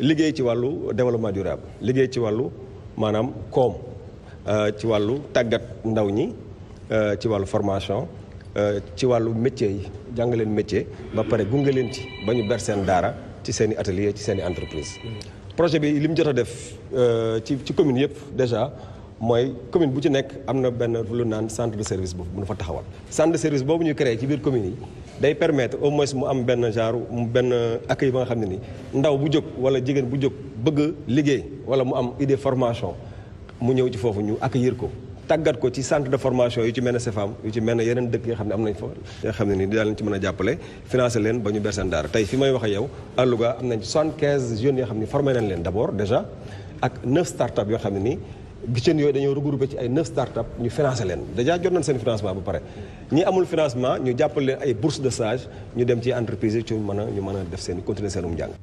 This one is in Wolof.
liggéey ci wàllu développement durable liggéey ci wàllu maanaam koom euh, ci wàllu tàggat ndaw ñi euh, ci wàllu formation euh, ci wàllu métier yi jàngaleen métier ba pare gunge leen ci ba ñu ber seen daara ci seen i atelier ci seen i entreprise projet bi li mu jot a def ci ci commune yëpp déjà mooy commune bu ci nekk am na benn lu naan centre de service boobu mën fa taxawal centre de service boobu ñu créé ci biir commune yi day permettre au moins mu am benn genre mu benn accueil ba nga xam ne ni ndaw bu jóg wala jigéen bu jóg bëgg liggéey wala mu am idée formation mu ñëw ci foofu ñu accueillir ko tàggat ko ci centre de formation yu ci mel ne CFAM yu ci mel ne yeneen dëkk yoo xam ne am nañ fa yoo xam ne ni daal ci mën a jàppale financé leen ba ñu bersen daara tey fi may wax ak yow à Louga am nañ 75 jeunes yoo xam ne formé nañ leen d' abord déjà ak 9 start-up xam ne nii jeunes yooyu dañoo regroupé ci ay neuf start ñu financé leen déjà jot nañ seen financement ba pare ñi amul financement ñu jàppale leen ay bourse de stage ñu dem ci entreprise yi ci mën a ñu mën a def seen continuer seenum njàng